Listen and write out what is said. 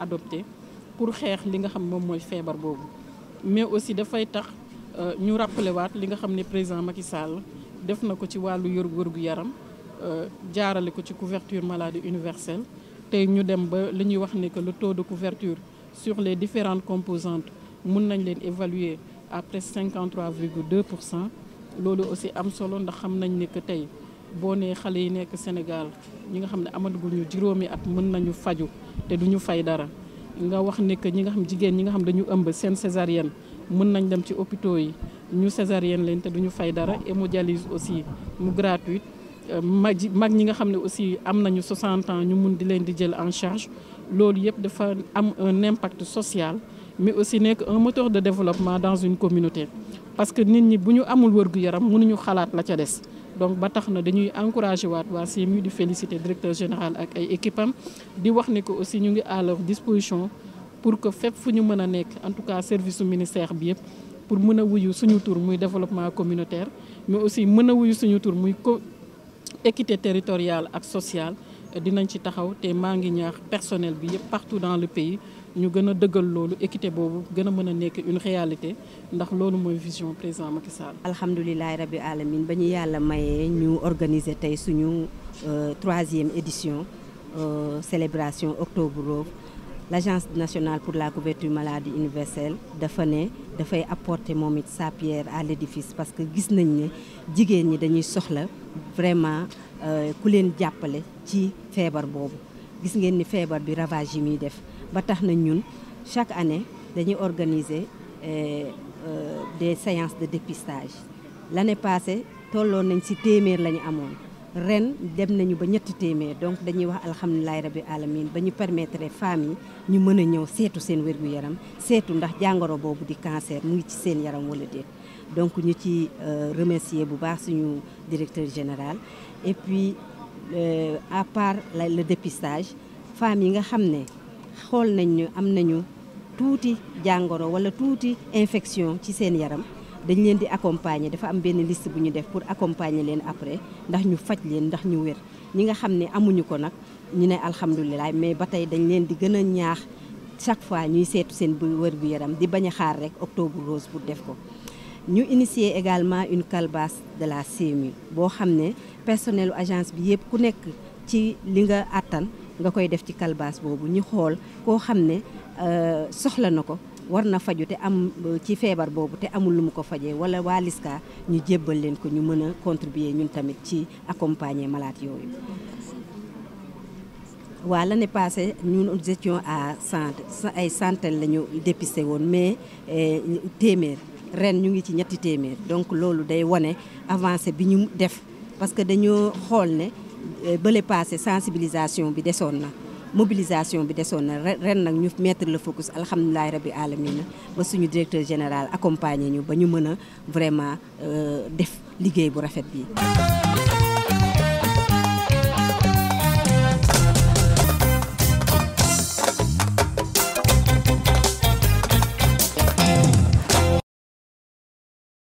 adopté pour xeex li nga xam moom mooy feebar boobu mais aussi dafay tax euh, ñu rappelé waat li nga xam ne président Macky Sall def na ko ci wàllu yor wërgu yaram euh, jaarale ko ci couverture maladie universelle tey ñu dem ba li ñuy wax ne que le taux de couverture sur les différentes composantes mun nañ leen évaluer à presque 53 virgule 2 pour cent loolu aussi am solo ndax xam nañ ne que tey boo nee xale yi nekk Sénégal ñi nga xam ne amaguñu juróomi at mën nañu faju te du ñu fay dara nga wax ne que ñi nga xam jigéen ñi nga xam dañu ëmb seen césarienne mën nañ dem ci hôpitaux yi ñu césarienne leen te du ñu fay dara hémodialyse aussi mu gratuite euh, mag mag ñi nga xam ne aussi am nañu 60 ans ñu mun di leen di jël en charge loolu yëpp dafa am un impact social mais aussi nekk un moteur de développement dans une communauté parce que nit ñi bu ñu amul wërgu yaram mënuñu xalaat la ca des donc ba tax na dañuy encouragé waat waa CMU di féliciter directeur général ak ay équipe di wax ni ko aussi ñu ngi à leur disposition pour que fépp fu ñu mën a nekk en tout cas service ministère bi yëpp pour mën a wuyu suñu tur muy développement communautaire mais aussi mën a wuyu suñu tur muy ko équité territorial ak social dinañ ci taxaw te maa ngi ñaax personnel bi yëpp partout dans le pays ñu gën a dëggal loolu équité boobu gën a mën a nekk une réalité ndax loolu mooy vision président Macky Sall. alhamdulilah rabi alamin ba ñu yàlla mayee ñu organiser tey suñu euh, troisième édition euh, célébration octobre rose l'agence nationale pour la couverture maladie universelle dafa ne dafay apporter moom it sa pierre à l'édifice parce que gis nañ ne jigéen ñi dañuy soxla vraiment. Euh, ku leen jàppale ci feebar boobu gis ngeen ni feebar bi ravage yi muy def ba tax nañ ñun chaque année dañuy organiser euh, euh, des séances de dépistage l'année passée tolloon nañ si téeméer la ñu amoon ren dem nañu ba ñetti téeméer donc dañuy wax alhamdulilahi rabbi alamin ba ñu permettre femmes yi ñu mën a ñëw seetu seen wér yaram seetu ndax jàngoro boobu di cancer mu ngi ci seen yaram wala déet donc ñu ci euh, remercier bu baax suñu directeur général et puis euh, à part le dépistage femmes yi nga xam ne xool nañ am nañu tuuti jàngoro wala tuuti infection ci seen yaram dañ leen di accompagner dafa am benn liste bu ñu def pour accompagner leen après ndax ñu faj leen ndax ñu wér ñi nga xam ne amuñu ko nag ñu ne alhamdulilah mais ba tey dañ leen di gën a ñaax chaque fois ñuy seetu seen bu wér gu yaram di bañ xaar rek octobre rose pour def ko ñu initier également une calebasse de la CMU boo xam ne personnelu agence bi yëpp ku nekk ci li nga àttan nga koy def ci calebasse boobu ñu xool koo xam ne euh, soxla na ko war na faju te am euh, ci feebar boobu te amul lu mu ko fajee wala waa Liska ñu jébbal leen ko ñu mën a contribuer ñun tamit ci accompagner malade yooyu. waa ne passée ñun nous étions à cent ay centaines la ñu dépisté woon mais euh, téeméer ren ñu ngi ci ñetti téeméer donc loolu day wane avancé bi ñu def parce que dañoo xool ne euh, bële passé sensibilisation bi desoon na. mobilisation bi desoon na ren nag ñu mettre le focus alhamdulilah rabbi alamina ba suñu directeur général accompagner ñu ba ñu mën a vraiment euh, def liggéey bu rafet bi